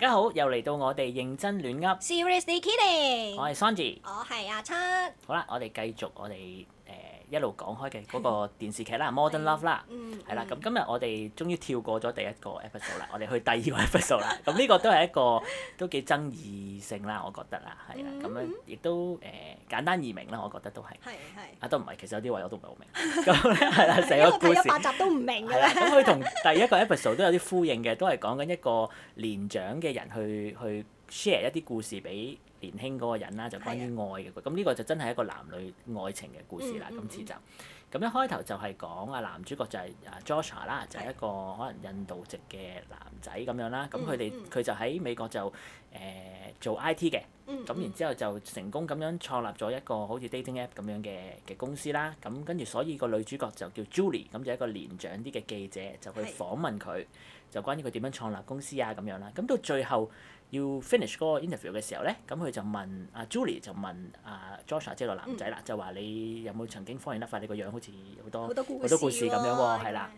大家好，又嚟到我哋認真亂噏，Seriously k i d d i 我係 s a n d y 我係阿七，好啦，我哋繼續我哋。一路講開嘅嗰個電視劇啦，《Modern Love》啦，係啦。咁、嗯、今日我哋終於跳過咗第一個 episode 啦， 我哋去第二個 episode 啦。咁呢個都係一個都幾爭議性啦，我覺得啊，係啦。咁樣亦都誒、呃、簡單易明啦，我覺得都係。係係的。啊，都唔係，其實有啲位我都唔係好明。咁咧係啦，成個故事。睇咗八集都唔明㗎啦。 咁佢同第一個 episode 都有啲呼應嘅，都係講緊一個年長嘅人去去 share 一啲故事俾年輕嗰個人啦，就關於愛嘅，咁呢的個就真係一個男女愛情嘅故事啦。咁今次就咁一開頭就係講阿男主角就係阿 Joshua 啦的，就係一個可能印度籍嘅男仔咁樣啦。咁佢哋佢就喺美國就誒、呃、做 IT 嘅，咁、嗯嗯、然之後就成功咁樣創立咗一個好似 dating app 咁樣嘅嘅公司啦。咁跟住所以個女主角就叫 Julie，咁就係一個年長啲嘅記者就去訪問佢，的就關於佢點樣創立公司啊咁樣啦。咁到最後。要 finish 嗰個 interview 嘅時候咧，咁佢就問阿、啊、Julie 就問阿、啊、Joshua 即係個男仔啦，嗯、就話你有冇曾經方發現得快你個樣好似好多好多故事咁樣喎，係啦。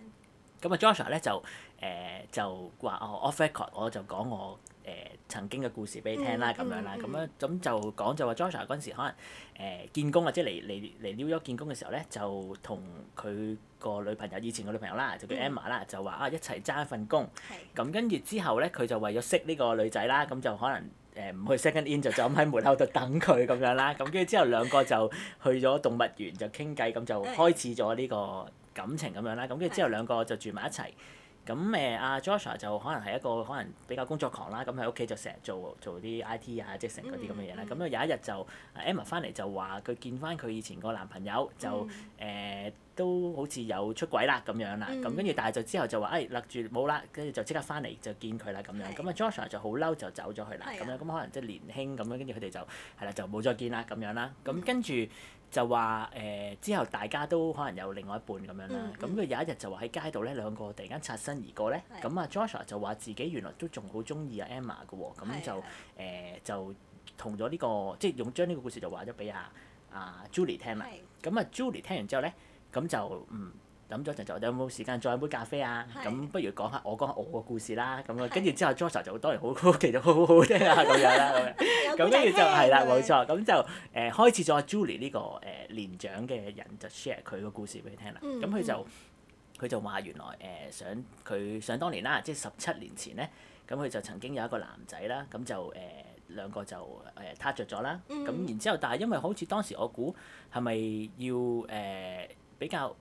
咁阿 Joshua 咧就誒、呃、就話哦，off record 我就講我。誒、呃、曾經嘅故事俾你聽啦，咁樣啦，咁樣咁就講就話 Joshua 嗰陣時可能誒、呃、見工或者嚟嚟嚟 New York 見工嘅時候咧，就同佢個女朋友，以前個女朋友啦，就叫 Emma 啦，就話啊一齊爭一份工。咁跟住之後咧，佢就為咗識呢個女仔啦，咁就可能誒唔、呃、去 Second Interview 就咁喺門口度等佢咁樣啦。咁跟住之後兩個就去咗動物園就傾偈，咁就開始咗呢個感情咁樣啦。咁跟住之後兩個就住埋一齊。咁誒阿 Joshua 就可能係一個可能比較工作狂啦，咁喺屋企就成日做做啲 IT 啊、即成嗰啲咁嘅嘢啦。咁、嗯嗯、有一日就 Emma 翻嚟就話佢見翻佢以前個男朋友就誒、嗯呃、都好似有出軌啦咁樣啦。咁跟住但係就之後就話誒、哎、勒住冇啦，跟住就即刻翻嚟就見佢啦咁樣。咁啊、嗯嗯、Joshua 就好嬲就走咗去啦咁、嗯嗯嗯、樣。咁可能即係年輕咁樣，跟住佢哋就係啦，就冇再見啦咁樣啦。咁跟住。就話誒、呃，之後大家都可能有另外一半咁樣啦。咁佢、嗯、有一日就話喺街度咧，兩個突然間擦身而過咧。咁啊是的、嗯、Joshua 就話自己原來都仲好鍾意阿 Emma 嘅喎、哦。咁就誒是的、呃、就同咗呢個，即係用將呢個故事就話咗俾阿阿 Julie 聽啦。咁是的 啊，Julie 聽完之後咧，咁就嗯。飲咗陣就，有冇時間再飲杯咖啡啊？咁是 不如講下我講下我個故事啦。咁啊，跟住之後，Joshua 就當然好好奇，其實好好聽啊，咁樣啦，咁吧，咁跟住就係啦，冇錯。咁就誒開始咗 Julie 呢個誒年長嘅人就 share 佢個故事俾你聽啦。咁佢、嗯嗯、就佢就話原來誒想佢想當年啦，即係十七年前咧，咁佢就曾經有一個男仔啦，咁就誒兩個就誒撻、呃、著咗啦。咁、嗯、然之後，但係因為好似當時我估係咪要誒、呃、比較？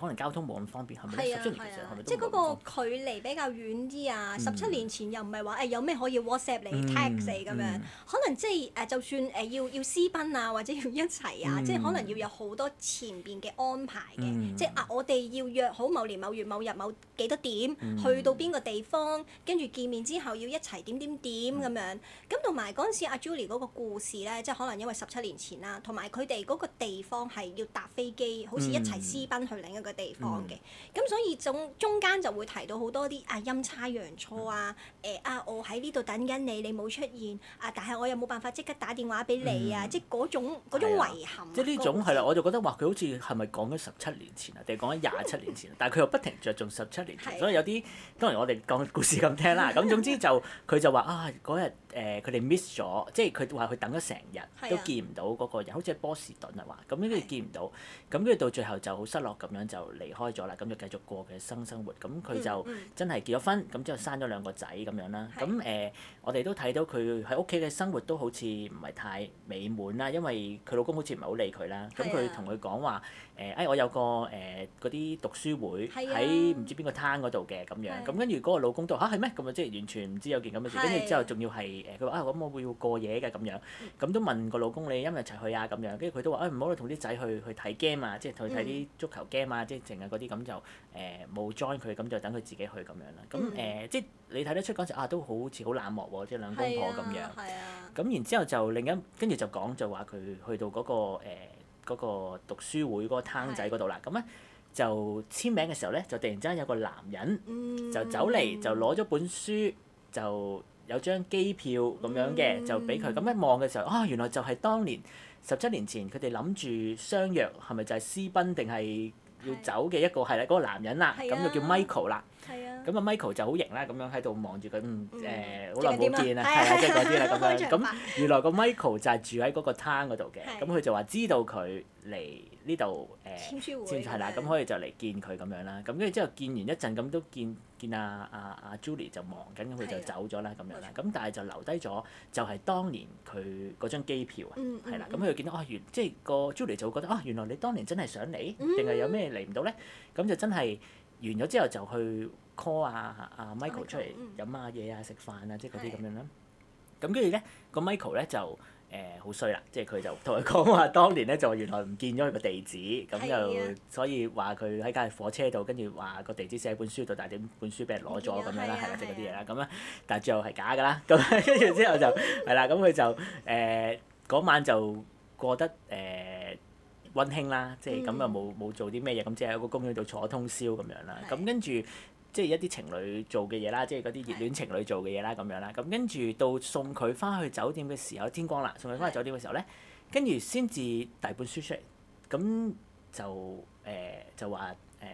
可能交通冇咁方便，係咪？啊啊、是是即係其實，即係嗰個距離比較遠啲啊！十七、嗯、年前又唔係話誒有咩可以 WhatsApp 嚟 text 你咁、嗯、樣、嗯、可能即係誒、呃、就算誒、呃、要要私奔啊，或者要一齊啊，嗯、即係可能要有好多前邊嘅安排嘅，嗯、即係啊我哋要約好某年某月某日某幾多點去到邊個地方，跟住見面之後要一齊點點點咁樣，咁同埋嗰陣時阿、啊、Julie 嗰個故事咧，即係可能因為十七年前啦，同埋佢哋嗰個地方係要搭飛機好似一齊私奔去另一。嘅地方嘅，咁、嗯、所以中中間就會提到好多啲啊陰差陽錯啊，誒啊，、呃、啊我喺呢度等緊你，你冇出現啊，但係我又冇辦法即刻打電話俾你啊，嗯、即係嗰種嗰種遺憾、啊啊。即係呢種係啦、啊，我就覺得話佢好似係咪講緊十七年前啊，定係講緊廿七年前、啊嗯、但係佢又不停着重十七年前。嗯、所以有啲當然我哋講故事咁聽啦。咁總之就佢就話啊嗰日。誒佢哋 miss 咗，即係佢話佢等咗成日都見唔到嗰個人，好似喺波士頓啊話，咁跟住見唔到，咁跟住到最後就好失落咁樣就離開咗啦，咁就繼續過佢嘅新生活。咁佢就真係結咗婚，咁之後生咗兩個仔咁樣啦。咁誒，我哋都睇到佢喺屋企嘅生活都好似唔係太美滿啦，因為佢老公好似唔係好理佢啦。咁佢同佢講話誒，誒我有個誒嗰啲讀書會喺唔知邊個攤嗰度嘅咁樣，咁跟住嗰個老公都嚇係咩？咁啊即係完全唔知有件咁嘅事，跟住之後仲要係。誒佢話啊，咁我會要過夜嘅咁樣，咁都問個老公你有有一唔一齊去啊咁樣，樣哎、跟住佢都話啊唔好去同啲仔去去睇 game 啊，即係同佢睇啲足球 game 啊，嗯、即係淨係嗰啲咁就誒冇 join 佢，咁就等佢自己去咁樣啦。咁誒、嗯呃、即係你睇得出嗰陣啊，都好似好冷漠喎、啊，即係兩公婆咁樣。咁、啊啊、然之後，後就另一跟住就講就話佢去到嗰、嗰個誒嗰、呃嗰個讀書會嗰個攤仔嗰度啦。咁咧、啊、就簽名嘅時候咧，就突然之間有個男人就走嚟就攞咗本書就。有張機票咁樣嘅就俾佢，咁、嗯、一望嘅時候，啊原來就係當年十七年前佢哋諗住相約，係咪就係私奔定係要走嘅一個係啦？嗰的、那個男人啦，咁的就叫 Michael 啦的。係啊、嗯。咁啊 Michael 就好型啦，咁樣喺度望住佢，嗯誒好耐冇見啦，係啊即係嗰啲啦咁樣。咁 原來個 Michael 就係住喺嗰個 town 嗰度嘅，咁佢 就話知道佢嚟呢度誒，係、呃、啦，咁書的可以就嚟見佢咁樣啦。咁跟住之後見完一陣咁都見。見啊啊啊 Julie 就忙緊，咁佢就走咗啦，咁樣啦，咁 但係就留低咗，就係當年佢嗰張機票，嗯嗯、啊，係啦，咁佢見到哦，原即係個 Julie 就會覺得哦、啊，原來你當年真係想嚟，定係有咩嚟唔到咧？咁就真係完咗之後就去 call 啊啊 Michael 出嚟飲下嘢啊，食飯啊，即係嗰啲咁樣啦。咁跟住咧，個 Michael 咧就。誒好衰啦，即係佢就同佢講話，當年咧就原來唔見咗佢個地址，咁就所以話佢喺架火車度，跟住話個地址寫喺本書度，但係點本書俾人攞咗咁樣啦，係啦，即係嗰啲嘢啦，咁啦，但係最後係假噶啦，咁跟住之後就係啦，咁佢就誒嗰晚就過得誒溫馨啦，即係咁又冇冇做啲咩嘢，咁即係喺個公園度坐通宵咁樣啦，咁跟住。即係一啲情侶做嘅嘢啦，即係嗰啲熱戀情侶做嘅嘢啦，咁樣啦，咁跟住到送佢翻去酒店嘅時候天光啦，送佢翻去酒店嘅時候咧，是的 跟住先至遞本書出嚟，咁就誒、呃、就話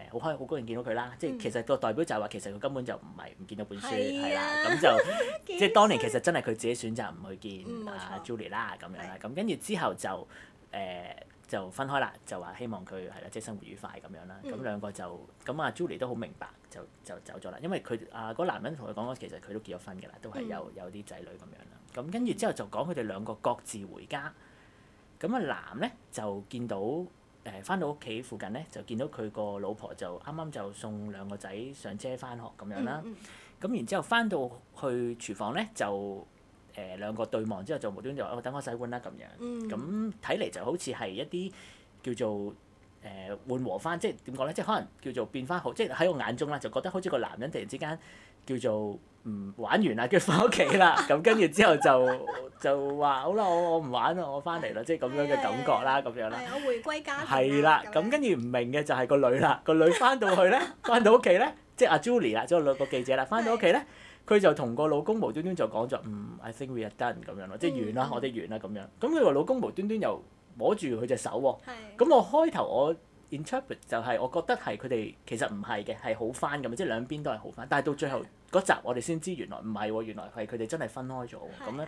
誒好開好高興見到佢啦，即係、嗯、其實個代表就係話其實佢根本就唔係唔見到本書係的啦，咁就難即係當年其實真係佢自己選擇唔去見沒錯 啊 Julie 啦，咁樣啦，咁、嗯、對 跟住之後就誒。呃就分開啦，就話希望佢係啦，即係生活愉快咁樣啦。咁兩個就咁阿、mm hmm. 啊、Julie 都好明白，就就走咗啦。因為佢阿嗰男人同佢講話，其實佢都結咗婚㗎啦，都係有有啲仔女咁樣啦。咁跟住之後就講佢哋兩個各自回家。咁啊男咧就見到誒翻到屋企附近咧，就見到佢個、呃、老婆就啱啱就送兩個仔上車翻學咁樣啦。咁然之後翻到去廚房咧就。誒兩個對望之後就無端就，哦等我洗碗啦咁樣，咁睇嚟就好似係一啲叫做誒緩和翻，即係點講咧？即係可能叫做變翻好，即係喺我眼中啦，就覺得好似個男人突然之間叫做唔玩完啦，跟住翻屋企啦，咁跟住之後就就話好啦，我我唔玩啦，我翻嚟啦，即係咁樣嘅感覺啦，咁樣啦。係我迴歸家庭。係啦，咁跟住唔明嘅就係個女啦，個女翻到去咧，翻到屋企咧，即係阿 Julie 啦，即係兩個記者啦，翻到屋企咧。佢就同個老公無端端就講咗，唔、嗯、，I think we are done 咁樣咯，即係完啦，嗯、我哋完啦咁樣。咁佢話老公無端端又摸住佢隻手喎。係。咁我開頭我 interpret 就係我覺得係佢哋其實唔係嘅，係好翻咁即係兩邊都係好翻。但係到最後嗰集我哋先知原來唔係喎，原來係佢哋真係分開咗喎。係係是的。咁咧，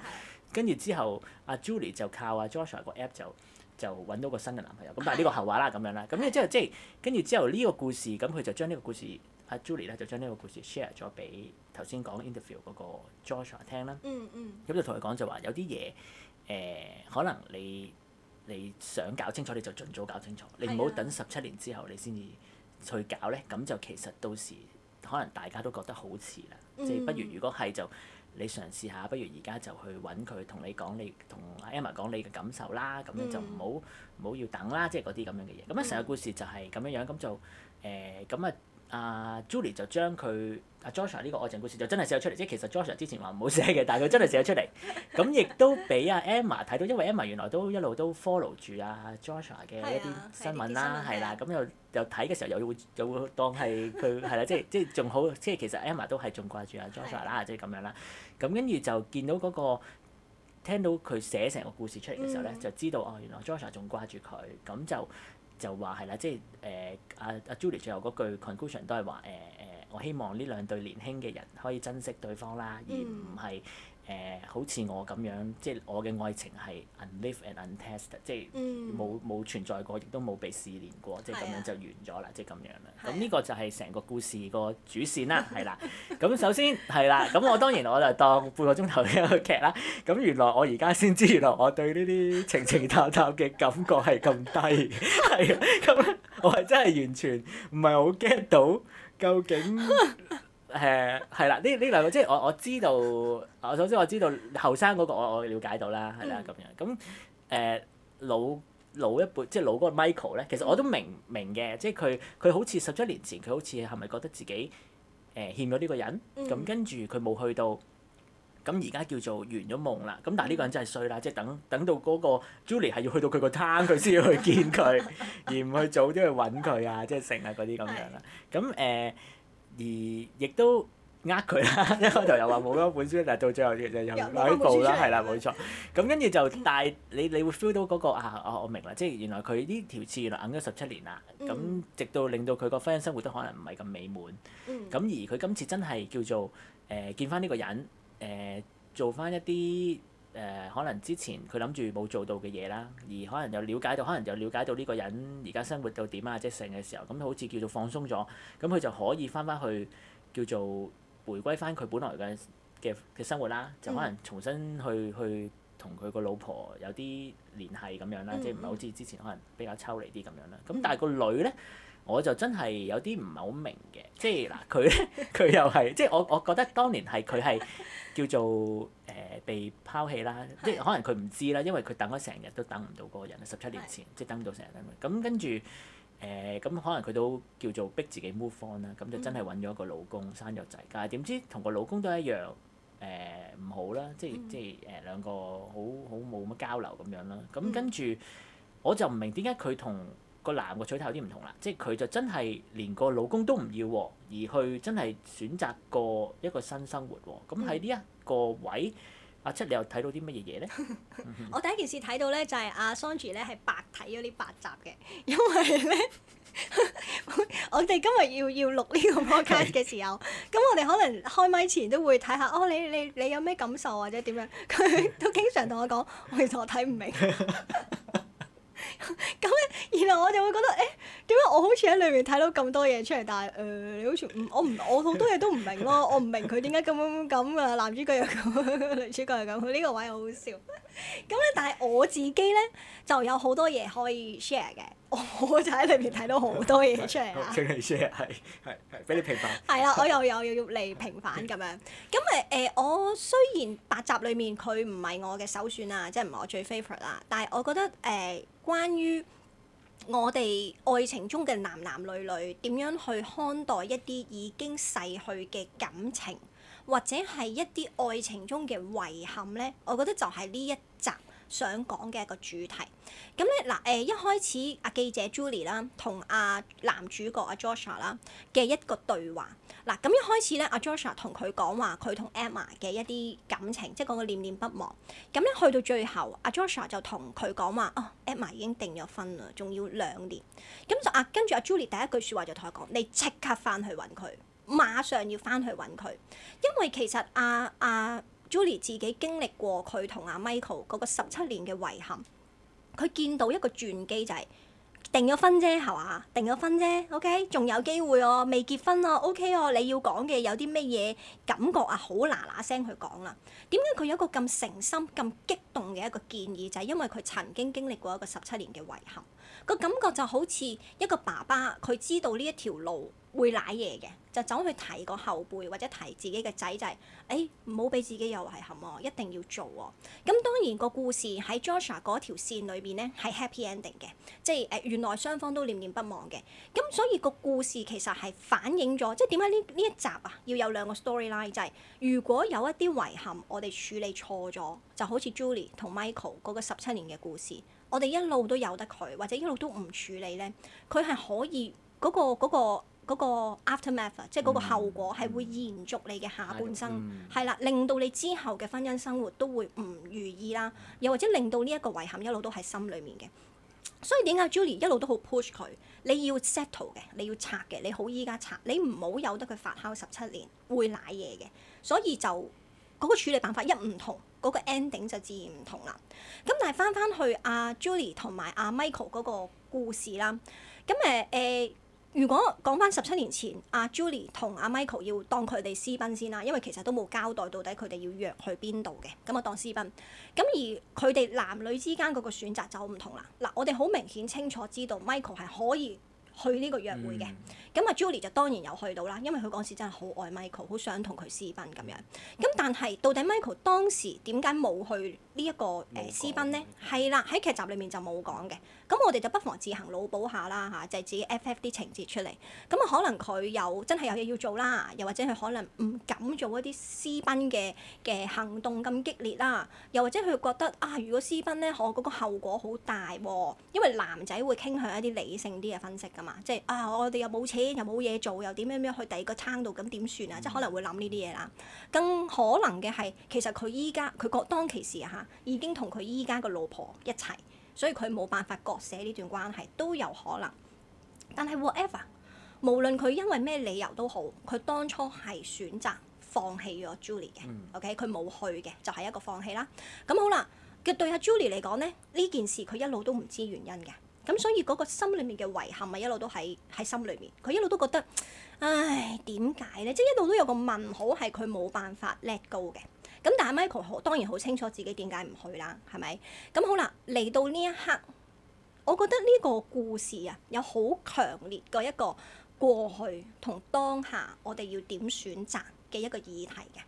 跟住之後，阿、啊、Julie 就靠阿、啊、Joshua 個 app 就就揾到個新嘅男朋友。咁但係呢個後話啦，咁樣啦。咁咧之後即係跟住之後呢個故事，咁佢就將呢個故事。阿 Julie 咧就將呢個故事 share 咗俾頭先講 interview 嗰個 Joshua 聽啦。嗯嗯。咁就同佢講就話有啲嘢誒，可能你你想搞清楚，你就盡早搞清楚，嗯、你唔好等十七年之後你先至去搞咧。咁、嗯、就其實到時可能大家都覺得好遲啦。即係、嗯、不如如果係就你嘗試下，不如而家就去揾佢同你講，你同 Emma 講你嘅感受啦。咁、嗯、樣就唔好唔好要等啦，即係嗰啲咁樣嘅嘢。咁啊成個故事就係咁樣樣咁就誒咁啊。呃嗯嗯嗯嗯嗯阿、uh, Julie 就將佢阿 Joshua 呢個愛情故事就真係寫咗出嚟，即係其實 Joshua 之前話唔好寫嘅，但係佢真係寫咗出嚟，咁亦都俾阿 Emma 睇到，因為 Emma 原來都一路都 follow 住啊 Joshua 嘅一啲新聞啦，係啦、啊，咁又又睇嘅時候又會又會當係佢係啦，即係即係仲好，即係其實 Emma 都係仲掛住阿 Joshua 啦，即係咁樣啦，咁跟住就見到嗰、嗰個聽到佢寫成個故事出嚟嘅時候咧，嗯、就知道哦原來 Joshua 仲掛住佢，咁就。就話係啦，即係誒阿阿 Julie 最後嗰句 conclusion 都係話誒誒。呃呃我希望呢兩對年輕嘅人可以珍惜對方啦，而唔係誒好似我咁樣，即係我嘅愛情係 unlive and untested，即係冇冇存在過，亦都冇被試煉過，即係咁樣就完咗啦，的即係咁樣啦。咁呢的個就係成個故事個主線啦，係啦的。咁首先係啦，咁我當然我就當半個鐘頭嘅一個劇啦。咁原來我而家先知道原來我對呢啲情情塔塔嘅感覺係咁低，係咁咧，我係真係完全唔係好 get 到。究竟誒係啦，呢、呃、呢兩個即係我我知道，我首先我知道後生嗰個我我瞭解到啦，係啦咁樣咁誒、嗯、老老一輩即係老嗰個 Michael 咧，其實我都明明嘅，即係佢佢好似十一年前佢好似係咪覺得自己誒、呃、欠咗呢個人咁，嗯、跟住佢冇去到。咁而家叫做圓咗夢啦，咁但係呢個人真係衰啦，即係等等到嗰個 Julie 係要去到佢個攤，佢先要去見佢、 嗯，而唔去早啲去揾佢啊，即係成日嗰啲咁樣啦。咁誒，而亦都呃佢啦，一開頭又話冇咗本書，但係到最後其實又揾到啦，係啦冇錯。咁跟住就，但係 你你會 feel 到嗰，那個啊，哦，我明啦，即係原來佢呢條刺原來硬咗十七年啦，咁直到令到佢個婚姻生活都可能唔係咁美滿。咁而佢今次真係叫做誒、呃、見翻呢個人。誒、呃、做翻一啲誒、呃，可能之前佢諗住冇做到嘅嘢啦，而可能又了解到，可能又了解到呢個人而家生活到點啊，即性嘅時候，咁好似叫做放鬆咗，咁佢就可以翻翻去叫做回歸翻佢本來嘅嘅嘅生活啦，就可能重新去去同佢個老婆有啲聯繫咁樣啦，嗯嗯嗯即唔係好似之前可能比較抽離啲咁樣啦。咁但係個女咧。我就真係有啲唔係好明嘅，即係嗱佢咧佢又係即係我我覺得當年係佢係叫做誒、呃、被拋棄啦， 即係可能佢唔知啦，因為佢等咗成日都等唔到嗰個人，十七年前即係 等唔到成日等，咁跟住誒咁可能佢都叫做逼自己 move on 啦，咁就真係揾咗個老公 生咗仔，但係點知同個老公都一樣誒唔、呃、好啦，即係即係誒兩個好好冇乜交流咁樣啦，咁跟住我就唔明點解佢同個男個取態有啲唔同啦，即係佢就真係連個老公都唔要，而去真係選擇過一個新生活喎。咁喺呢一個位，阿、嗯啊、七你又睇到啲乜嘢嘢咧？ 我第一件事睇到咧就係阿 Songi 咧係白睇咗啲八集嘅，因為咧， 我哋今日要要錄呢個 podcast 嘅時候，咁 我哋可能開咪前都會睇下，哦你你你有咩感受或者點樣？佢 都經常同我講，其實我睇唔明。 我就會覺得，誒點解我好似喺裏面睇到咁多嘢出嚟？但係誒、呃，你好似唔，我唔，我好多嘢都唔明咯。我唔明佢點解咁咁咁嘅男主角又咁，女主角又咁。呢、呢個位好好笑。咁咧，但係我自己咧就有好多嘢可以 share 嘅。我就喺裏面睇到好多嘢出嚟啊！請你 share 係係俾你平反。係啦，我又有要嚟平反咁樣。咁誒誒，我雖然八集裏面佢唔係我嘅首選啊，即係唔係我最 favorite 啦。但係我覺得誒、呃，關於我哋愛情中嘅男男女女點樣去看待一啲已經逝去嘅感情，或者係一啲愛情中嘅遺憾咧，我覺得就係呢一想講嘅一個主題，咁咧嗱誒，一開始阿記者 Julie 啦，同阿男主角阿 Joshua 啦嘅一個對話，嗱咁一開始咧，阿 Joshua 同佢講話佢同 Emma 嘅一啲感情，即係講佢念念不忘。咁咧去到最後，阿 Joshua 就同佢講話，哦、oh，Emma 已經訂咗婚啦，仲要兩年。咁就啊，跟住阿 Julie 第一句説話就同佢講，你即刻返去揾佢，馬上要返去揾佢，因為其實阿阿。啊啊 Julie 自己經歷過佢同阿 Michael 嗰個十七年嘅遺憾，佢見到一個轉機就係定咗婚啫，係嘛？定咗婚啫，OK，仲有機會哦，未結婚咯，啊，OK 哦，你要講嘅有啲咩嘢感覺啊？好嗱嗱聲去講啦。點解佢有一個咁誠心、咁激動嘅一個建議，就係、是、因為佢曾經經歷過一個十七年嘅遺憾。個感覺就好似一個爸爸，佢知道呢一條路會賴嘢嘅，就走去提個後輩或者提自己嘅仔、就是，就係誒唔好俾自己有遺憾喎、啊，一定要做喎、啊。咁當然個故事喺 Joshua 嗰條線裏邊咧係 happy ending 嘅，即係誒、呃、原來雙方都念念不忘嘅。咁所以個故事其實係反映咗，即係點解呢呢一集啊要有兩個 storyline，就係、是、如果有一啲遺憾，我哋處理錯咗，就好似 Julie 同 Michael 嗰個十七年嘅故事。我哋一路都有得佢，或者一路都唔處理咧，佢係可以嗰個嗰個嗰個 aftermath、嗯、即係嗰個後果係會延續你嘅下半生，係啦，令到你之後嘅婚姻生活都會唔如意啦，又或者令到呢一個遺憾一路都喺心裡面嘅。所以點解 Julie 一路都好 push 佢？你要 settle 嘅，你要拆嘅，你好依家拆，你唔好有得佢發酵十七年，會舐嘢嘅。所以就嗰個處理辦法一唔同。嗰個 ending 就自然唔同啦。咁但係翻翻去阿、啊、Julie 同埋、啊、阿 Michael 嗰個故事啦。咁誒誒，如果講翻十七年前，阿、啊、Julie 同阿、啊、Michael 要當佢哋私奔先啦，因為其實都冇交代到底佢哋要約去邊度嘅。咁我當私奔。咁而佢哋男女之間嗰個選擇就唔同啦。嗱，我哋好明顯清楚知道 Michael 係可以。去呢個約會嘅，咁啊 Julie 就當然有去到啦，因為佢嗰時真係好愛 Michael，好想同佢私奔咁樣。咁但係到底 Michael 當時點解冇去呢一個誒私奔呢？係啦，喺劇集裡面就冇講嘅。咁我哋就不妨自行腦補下啦、啊、就寫、是、自己 FF 啲情節出嚟。咁啊，可能佢有真係有嘢要做啦，又或者佢可能唔敢做一啲私奔嘅嘅行動咁激烈啦。又或者佢覺得啊，如果私奔咧，我嗰個後果好大喎、啊。因為男仔會傾向一啲理性啲嘅分析噶嘛，即、啊、係啊，我哋又冇錢，又冇嘢做，又點樣樣去第二個攤度，咁點算啊？即係、嗯、可能會諗呢啲嘢啦。更可能嘅係，其實佢依家佢當其時嚇、啊、已經同佢依家個老婆一齊。所以佢冇辦法割捨呢段關係都有可能，但係 whatever，無論佢因為咩理由都好，佢當初係選擇放棄咗 Julie 嘅、嗯、OK，佢冇去嘅就係、是、一個放棄啦。咁好啦，嘅對阿 Julie 嚟講咧，呢件事佢一路都唔知原因嘅，咁所以嗰個心裡面嘅遺憾啊，一路都喺喺心裡面，佢一路都覺得，唉點解咧？即係、就是、一路都有個問號，係佢冇辦法 let go 嘅。咁但係 Michael 好當然好清楚自己點解唔去啦，係咪？咁好啦，嚟到呢一刻，我覺得呢個故事啊，有好強烈嘅一個過去同當下，我哋要點選擇嘅一個議題嘅。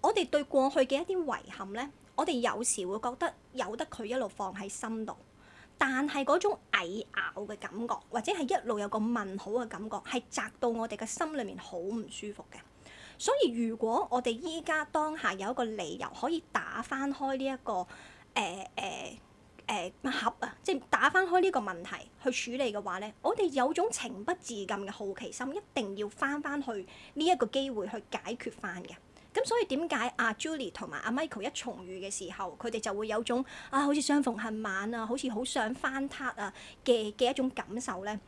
我哋對過去嘅一啲遺憾呢，我哋有時會覺得由得佢一路放喺心度，但係嗰種蟻咬嘅感覺，或者係一路有一個問號嘅感覺，係窒到我哋嘅心裏面好唔舒服嘅。所以如果我哋依家當下有一個理由可以打翻開呢、這、一個誒誒誒盒啊，即係打翻開呢個問題去處理嘅話咧，我哋有種情不自禁嘅好奇心，一定要翻翻去呢一個機會去解決翻嘅。咁所以點解阿、啊、Julie 同埋、啊、阿 Michael 一重遇嘅時候，佢哋就會有種啊好似相逢恨晚啊，好似好想翻撻啊嘅一種感受咧？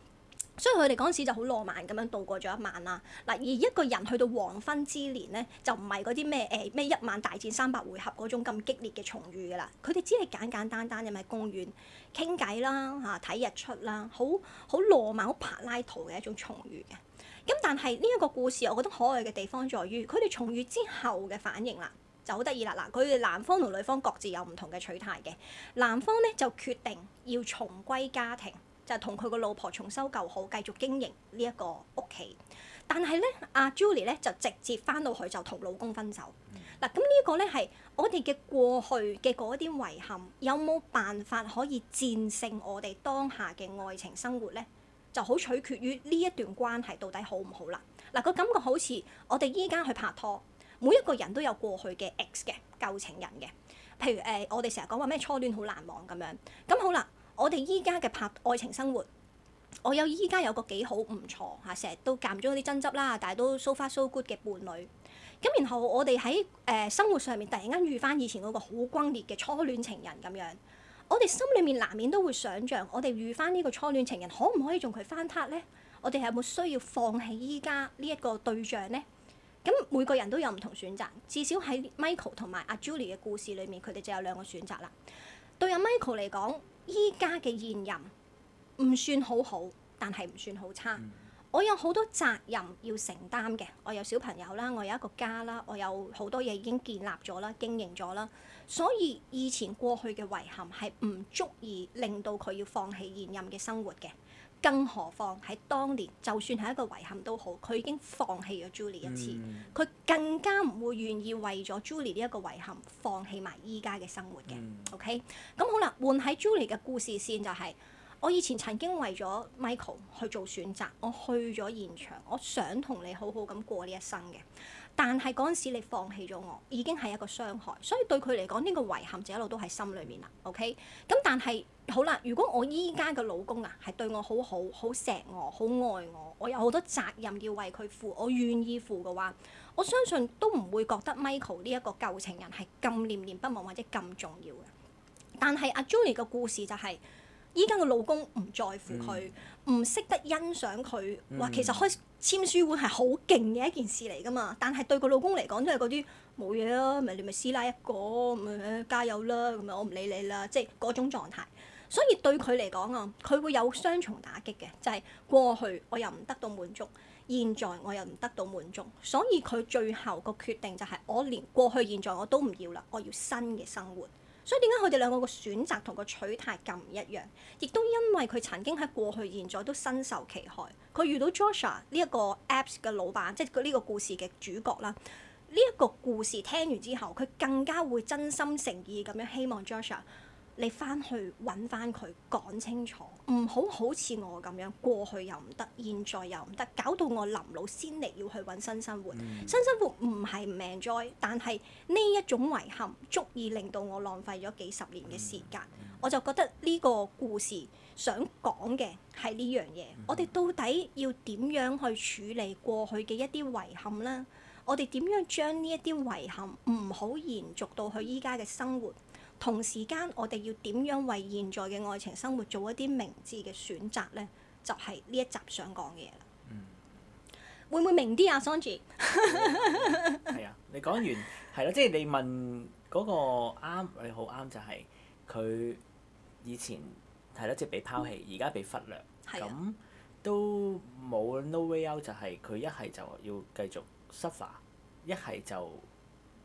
所以佢哋嗰陣時就好浪漫咁樣度過咗一晚啦。嗱，而一個人去到黃昏之年咧，就唔係嗰啲咩誒咩一晚大戰三百回合嗰種咁激烈嘅重遇噶啦。佢哋只係簡簡單單咁咪、就喺、公園傾偈啦，嚇睇日出啦，好好浪漫、好柏拉圖嘅一種重遇嘅。咁但係呢一個故事，我覺得可愛嘅地方在於佢哋重遇之後嘅反應啦，就好得意啦。嗱，佢哋男方同女方各自有唔同嘅取態嘅。男方咧就決定要重歸家庭。就同佢個老婆重修舊好，繼續經營呢一個屋企。但係咧，阿、啊、Julie 咧就直接翻到去就同老公分手。嗱、嗯，咁、啊這個、呢一個咧係我哋嘅過去嘅嗰啲遺憾，有冇辦法可以戰勝我哋當下嘅愛情生活咧？就好取決於呢一段關係到底好唔好啦。嗱、啊，那個感覺好似我哋依家去拍拖，每一個人都有過去嘅 ex 嘅舊情人嘅。譬如誒、呃，我哋成日講話咩初戀好難忘咁樣。咁、嗯嗯、好啦。我哋依家嘅拍愛情生活，我有依家有個幾好唔錯嚇，成日都間咗啲爭執啦，但係都 so far so good 嘅伴侶。咁然後我哋喺誒生活上面突然間遇翻以前嗰個好轟烈嘅初戀情人咁樣，我哋心裡面難免都會想像，我哋遇翻呢個初戀情人可唔可以用佢翻撻咧？我哋係有冇需要放棄依家呢一個對象咧？咁每個人都有唔同選擇，至少喺 Michael 同埋阿 Julie 嘅故事裡面，佢哋就有兩個選擇啦。對阿 Michael 嚟講，依家嘅現任唔算好好，但係唔算好差。我有好多責任要承擔嘅，我有小朋友啦，我有一個家啦，我有好多嘢已經建立咗啦、經營咗啦，所以以前過去嘅遺憾係唔足以令到佢要放棄現任嘅生活嘅。更何況喺當年，就算係一個遺憾都好，佢已經放棄咗 Julie 一次，佢、mm hmm. 更加唔會願意為咗 Julie 呢一個遺憾放棄埋依家嘅生活嘅。Mm hmm. OK，咁好啦，換喺 Julie 嘅故事線就係、是，我以前曾經為咗 Michael 去做選擇，我去咗現場，我想同你好好咁過呢一生嘅。但係嗰陣時你放棄咗我，已經係一個傷害，所以對佢嚟講呢個遺憾就一路都喺心裡面啦。OK，咁但係好啦，如果我依家嘅老公啊係對我好好、好錫我、好愛我，我有好多責任要為佢負，我願意負嘅話，我相信都唔會覺得 Michael 呢一個舊情人係咁念念不忘或者咁重要嘅。但係阿、啊、Julie 嘅故事就係、是。依家個老公唔在乎佢，唔識、嗯、得欣賞佢。話、嗯、其實開簽書會係好勁嘅一件事嚟噶嘛，但係對個老公嚟講都係嗰啲冇嘢啊，咪你咪師奶一個咪加油啦，咁啊我唔理你啦，即係嗰種狀態。所以對佢嚟講啊，佢會有雙重打擊嘅，就係、是、過去我又唔得到滿足，現在我又唔得到滿足，所以佢最後個決定就係我連過去現在我都唔要啦，我要新嘅生活。所以點解佢哋兩個個選擇同個取態咁唔一樣，亦都因為佢曾經喺過去現在都身受其害。佢遇到 Joshua 呢一個 Apps 嘅老闆，即係佢呢個故事嘅主角啦。呢一個故事聽完之後，佢更加會真心誠意咁樣希望 Joshua。你翻去揾翻佢，講清楚，唔好好似我咁樣過去又唔得，現在又唔得，搞到我臨老先嚟要去揾新生活。Mm hmm. 新生活唔係命災，但係呢一種遺憾足以令到我浪費咗幾十年嘅時間。Mm hmm. 我就覺得呢個故事想講嘅係呢樣嘢，mm hmm. 我哋到底要點樣去處理過去嘅一啲遺憾呢？我哋點樣將呢一啲遺憾唔好延續到佢依家嘅生活？同時間，我哋要點樣為現在嘅愛情生活做一啲明智嘅選擇呢？就係、是、呢一集想講嘅嘢啦。嗯。會唔會明啲啊 ，Songi？係、嗯、啊，你講完係咯，即係、啊就是、你問嗰個啱，你好啱就係佢以前係咯，即係、啊就是、被拋棄，而家、嗯、被忽略，咁、啊、都冇 no way out，就係佢一係就要繼續 suffer，一係就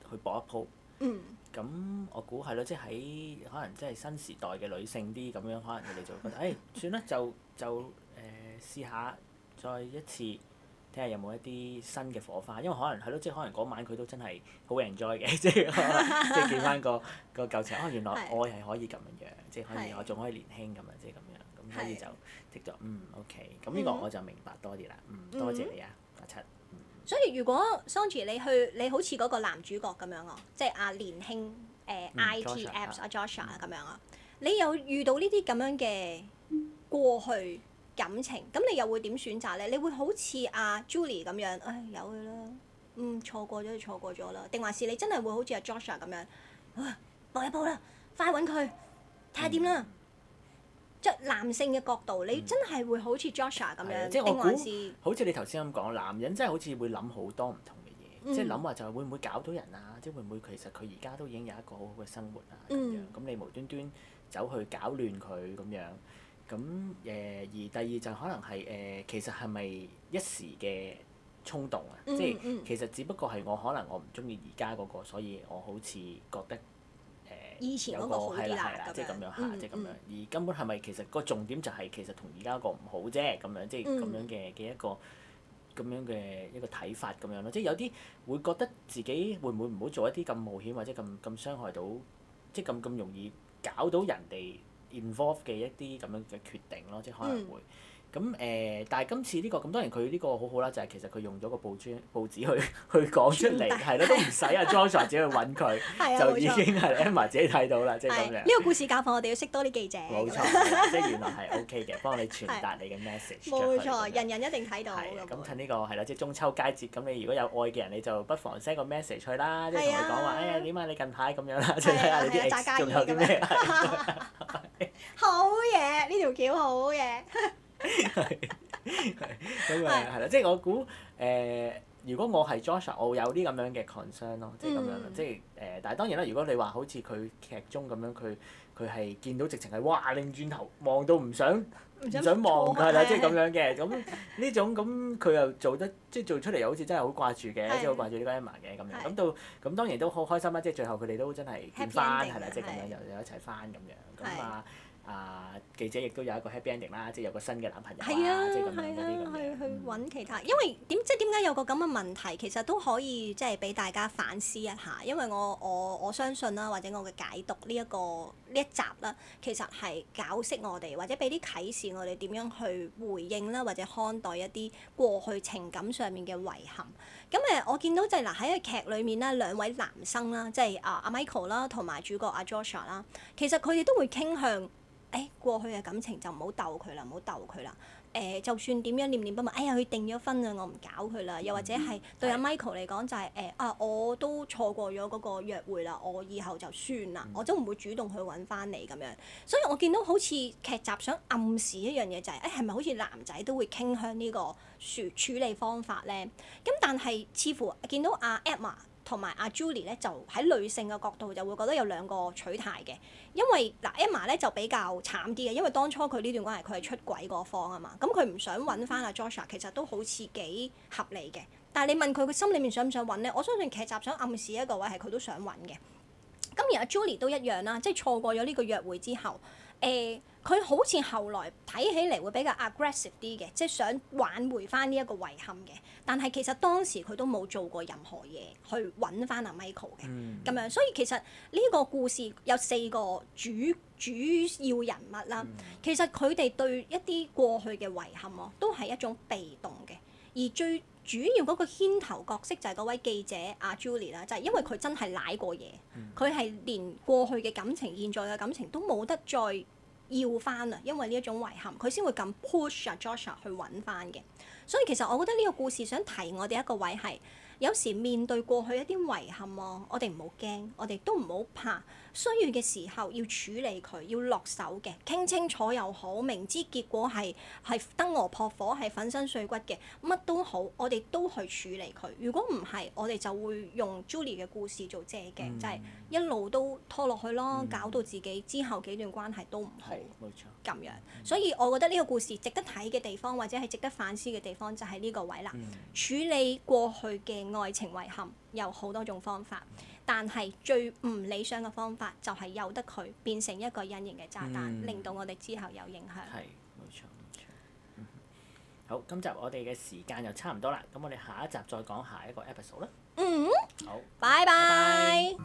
去搏一鋪。嗯。咁、嗯、我估係咯，即係喺可能即係新時代嘅女性啲咁樣，可能佢哋就會覺得，誒、 哎、算啦，就就誒、呃、試下再一次睇下有冇一啲新嘅火花，因為可能係咯，即係可能嗰晚佢都真係好 enjoy 嘅， 即係即係見翻個個舊情，哦、哎、原來愛係可以咁樣樣，即係 可以 我仲可以年輕咁樣，即係咁樣，咁、嗯、 所以就剔咗嗯 OK，咁、嗯、呢、嗯、個我就明白多啲啦，嗯多謝你啊，阿、啊、七。所以如果桑 a 你去你好似嗰個男主角咁樣哦，即係阿年輕誒 ITApps 阿 Joshua 咁、嗯、樣啊，你有遇到呢啲咁樣嘅過去感情，咁、嗯、你又會點選擇咧？你會好似阿、啊、Julie 咁樣，唉、哎，有嘅啦，嗯，錯過咗就錯過咗啦，定還是你真係會好似阿、啊、Joshua 咁樣，啊，搏一步啦，快揾佢睇下點啦～看看即男性嘅角度，你真係會好似 Joshua 咁樣定還是？好似你頭先咁講，男人真係好似會諗好多唔同嘅嘢，嗯、即係諗話就係會唔會搞到人啊？即係會唔會其實佢而家都已經有一個好好嘅生活啊咁樣？咁、嗯、你無端端走去搞亂佢咁樣？咁誒、呃、而第二就可能係誒、呃，其實係咪一時嘅衝動啊？嗯、即係、嗯、其實只不過係我可能我唔中意而家嗰個，所以我好似覺得。以前嗰、那個即係咁樣，嗯樣，而根本係咪其實個重點就係其實同而家個唔好啫，咁樣即係咁樣嘅嘅一個咁樣嘅一個睇法咁樣咯，即係有啲會覺得自己會唔會唔好做一啲咁冒險或者咁咁傷害到，即係咁咁容易搞到人哋 involve 嘅一啲咁樣嘅決定咯，即係可能會。嗯。咁誒，但係今次呢個咁當然佢呢個好好啦，就係其實佢用咗個報專報紙去去講出嚟，係咯，都唔使阿 Joshua 自己去揾佢，就已經係 Emma 自己睇到啦，即係咁樣。呢個故事教訓，我哋要識多啲記者。冇錯，即係原來係 OK 嘅，幫你傳達你嘅 message 出去，冇錯，人人一定睇到。係啊，咁趁呢個係啦，即係中秋佳節，咁你如果有愛嘅人，你就不妨 send 個 message 去啦，即係同佢講話哎呀，點解你近排咁樣啦？即係睇下你啲炸家宴咁樣。好嘢，呢條橋好嘢。係係咁誒係啦，即係我估誒，如果我係 Josh，我有啲咁樣嘅 concern 咯，即係咁樣即係誒。但係當然啦，如果你話好似佢劇中咁樣，佢佢係見到直情係哇，擰轉頭望到唔想唔想望係啦，即係咁樣嘅。咁呢種咁佢又做得即係做出嚟又好似真係好掛住嘅，即係好掛住呢個 Emma 嘅咁樣。咁到咁當然都好開心啦，即係最後佢哋都真係見翻係啦，即係咁樣又又一齊翻咁樣咁啊。啊、呃！記者亦都有一個 happy ending 啦，即係有個新嘅男朋友啦，即係啊，咁樣嗰啲去去揾其他，因為點即係點解有個咁嘅問題，其實都可以即係俾大家反思一下。因為我我我相信啦，或者我嘅解讀呢、這、一個呢一集啦，其實係解釋我哋或者俾啲啟示我哋點樣去回應啦，或者看待一啲過去情感上面嘅遺憾。咁誒，我見到就係嗱喺個劇裏面啦，兩位男生啦，即係啊阿 Michael 啦，同埋主角阿 Joshua 啦，其實佢哋都會傾向。誒過去嘅感情就唔好鬥佢啦，唔好鬥佢啦。誒、呃，就算點樣念念不忘，哎呀，佢訂咗婚啦，我唔搞佢啦。又或者係對阿 Michael 嚟講、就是，就係誒啊，我都錯過咗嗰個約會啦，我以後就算啦，嗯、我都唔會主動去揾翻你咁樣。所以我見到好似劇集想暗示一樣嘢、就是，就係誒，係咪好似男仔都會傾向呢個處理方法咧？咁但係似乎見到阿 Emma，同埋阿 Julie 咧就喺女性嘅角度就會覺得有兩個取態嘅，因為嗱 Emma 咧就比較慘啲嘅，因為當初佢呢段關係佢係出軌嗰方啊嘛，咁佢唔想揾翻阿 Joshua，其實都好似幾合理嘅。但係你問佢佢心裡面想唔想揾咧？我相信劇集想暗示一個位係佢都想揾嘅。咁而阿 Julie 都一樣啦，即係錯過咗呢個約會之後，誒、欸。佢好似後來睇起嚟會比較 aggressive 啲嘅，即係想挽回翻呢一個遺憾嘅。但係其實當時佢都冇做過任何嘢去揾翻阿 Michael 嘅，咁、嗯、樣。所以其實呢個故事有四個主主要人物啦。嗯、其實佢哋對一啲過去嘅遺憾哦，都係一種被動嘅。而最主要嗰個牽頭角色就係嗰位記者阿 Julie 啦，就係因為佢真係舐過嘢，佢係、嗯、連過去嘅感情、現在嘅感情都冇得再。要翻啊！因為呢一種遺憾，佢先會咁 push 啊 Joshua 去揾翻嘅。所以其實我覺得呢個故事想提我哋一個位係，有時面對過去一啲遺憾喎，我哋唔好驚，我哋都唔好怕。需要嘅時候要處理佢，要落手嘅，傾清楚又好，明知結果係係燈蛾撲火，係粉身碎骨嘅，乜都好，我哋都去處理佢。如果唔係，我哋就會用 Julie 嘅故事做借鏡，嗯、就係一路都拖落去咯，嗯、搞到自己之後幾段關係都唔好，冇錯。咁樣，嗯、所以我覺得呢個故事值得睇嘅地方，或者係值得反思嘅地方，就係呢個位啦。嗯、處理過去嘅愛情遺憾有好多種方法。但係最唔理想嘅方法就係由得佢變成一個隱形嘅炸彈，令到我哋之後有影響。係冇錯，冇錯。好，今集我哋嘅時間又差唔多啦，咁我哋下一集再講下一個 episode 啦。嗯。好，拜拜。